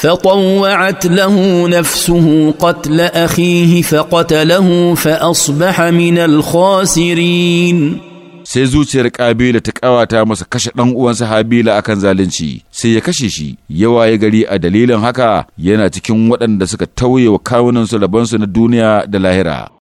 فطوعت له نفسه قتل اخيه فقتله فاصبح من الخاسرين sai zuciyar ƙabila ta ƙawata masa kashe ɗan uwansa habila akan zalunci sai ya kashe shi yawa ya gari a dalilin haka yana cikin waɗanda suka tauye wa kawunansu labansu na duniya da lahira